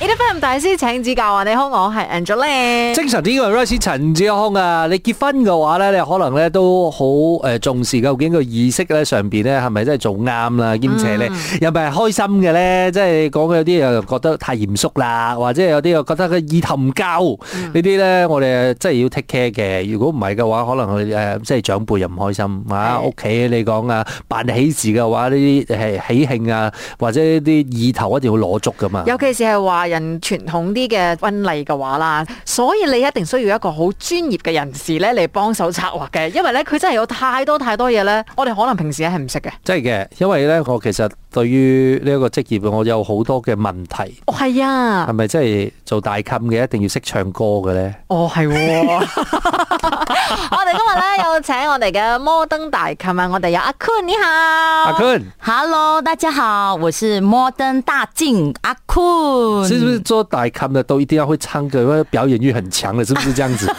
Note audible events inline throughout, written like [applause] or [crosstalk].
itv 大師，請指教啊！你好，我係 Angeline，精神啲嘅 Royce 陳志康啊！你結婚嘅話咧，你可能咧都好誒重視，究竟個意識咧上邊咧係咪真係做啱啦？兼且咧又咪係開心嘅咧？即係講有啲又覺得太嚴肅啦，或者有啲又覺得個意頭唔夠呢啲咧，我哋真係要 take care 嘅。如果唔係嘅話，可能誒即係長輩又唔開心啊！屋企你講啊，辦喜事嘅話呢啲係喜慶啊，或者啲意頭一定要攞足噶嘛。尤其是係話。人傳統啲嘅婚禮嘅話啦，所以你一定需要一個好專業嘅人士咧嚟幫手策劃嘅，因為咧佢真係有太多太多嘢咧，我哋可能平時咧係唔識嘅。真係嘅，因為咧我其實對於呢一個職業，我有好多嘅問題。哦，係啊。係咪即係做大妗嘅一定要識唱歌嘅咧？哦，係。 [laughs] 我哋 [laughs] 今日咧有請我哋嘅摩登大妗啊我哋有阿 Qoon，你好，阿 Qoon< 君 >，Hello，大家好，我是摩登大妗阿 Qoon，是不是做大妗嘅的都一定要會唱歌，因為表演欲很強的，是不是這樣子？ [laughs]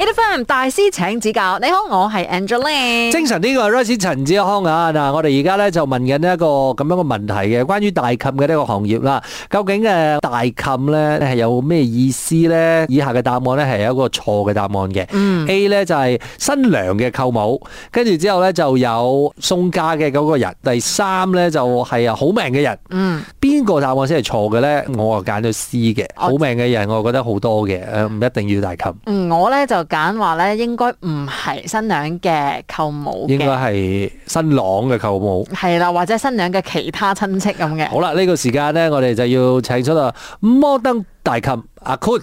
Dear fans，大師請指教。你好，我係 Angeline。精神呢個 Royce 陳子康啊，嗱、呃，我哋而家咧就問緊一個咁樣嘅問題嘅，關於大妗嘅呢個行業啦。究竟誒大妗咧係有咩意思咧？以下嘅答案咧係有一個錯嘅答案嘅。嗯，A 咧就係、是、新娘嘅舅母，跟住之後咧就有送嫁嘅嗰個人，第三咧就係、是、啊好命嘅人。嗯，邊個答案先係錯嘅咧？我啊揀咗 C 嘅好命嘅人，我覺得好多嘅，唔一定要大妗。嗯，我咧就。揀話咧，應該唔係新娘嘅舅母，應該係新郎嘅舅母，係啦，或者新娘嘅其他親戚咁嘅。好啦，呢、這個時間咧，我哋就要請出個摩登大妗阿 Qoon。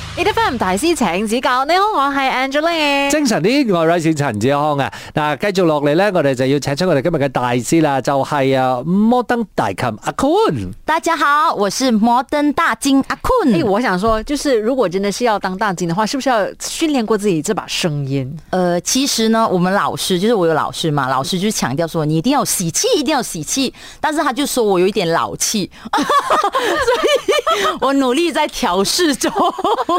it's、 [music] e、大師請指教，你好，我係 Angeline，精神啲，我 rising 陳志康啊，嗱，繼續落嚟咧，我哋就要請出我哋今日嘅大師啦，就係、是、Modern 大妗阿坤，大家好，我是 Modern 大妗阿坤，誒，hey, 我想說，就是如果真的是要當大妗的話，是不是要訓練過自己這把聲音？呃，其實呢，我們老師，就是我有老師嘛，老師就強調說，你一定要喜氣，一定要喜氣，但是他就說我有一點老氣， [laughs] 所以我努力在調試中。 [laughs]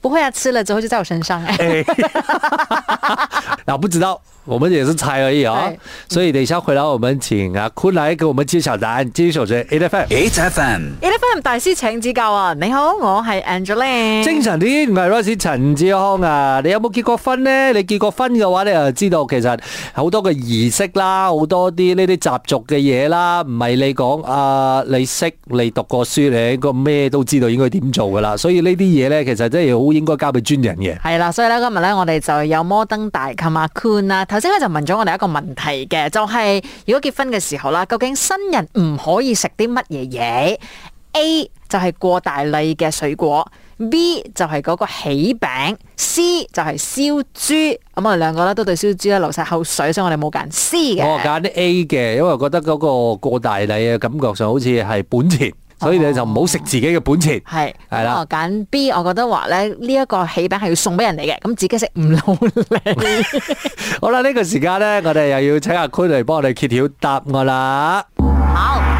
不會啊，吃了之後就在我身上誒。啊 [laughs] [laughs] 不知道，我們也是猜而已啊。對所以等一下回來，我們、嗯、請阿昆仔給我們揭曉答案。接手者 Eight FM，Eight FM，Eight FM 大師請指教啊！你好，我係 Angeline。精神啲唔係 Rose，陳志康啊，你有冇結過婚呢？你結過婚嘅話，你又知道其實好多嘅儀式啦，好多啲呢啲習俗嘅嘢啦，唔係你講啊、呃，你識你讀過書，你應該咩都知道應該點做噶啦。所以這些東西呢啲嘢咧，其實真係好。應該交俾專人嘅係啦，所以咧今日咧我哋就有摩登大妗 Qoon 啦，頭先咧就問咗我哋一個問題嘅，就係、是、如果結婚嘅時候啦，究竟新人唔可以食啲乜嘢嘢？A 就係過大禮嘅水果，B 就係嗰個喜餅，C 就係燒豬。咁我哋兩個咧都對燒豬咧流晒口水，所以我哋冇揀 C 嘅，我揀 A 嘅，因為覺得嗰個過大禮嘅感覺上好似係本錢。所以你就唔好食自己嘅本錢。係係啦，揀了 B，我覺得話咧呢一個起餅係要送俾人哋嘅，咁自己食唔努力。 [laughs] [laughs] [laughs] 好啦，呢、這個時間咧，我哋又要請阿 Qoon 嚟幫我哋揭曉答案啦。好。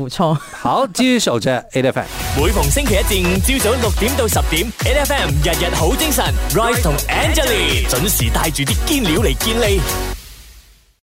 不錯，好，繼續守着 a F M。 [laughs] 每逢星期一至五朝早六點到十點 a F M 日日好精神。Rice 同 Rise Angeline 準時帶住啲堅料嚟見你。